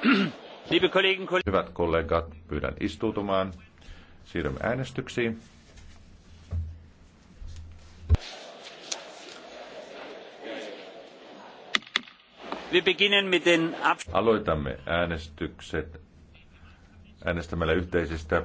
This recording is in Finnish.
Hyvät kollegat, pyydän istuutumaan. Siirrymme äänestyksiin. Aloitamme äänestykset äänestämällä yhteisistä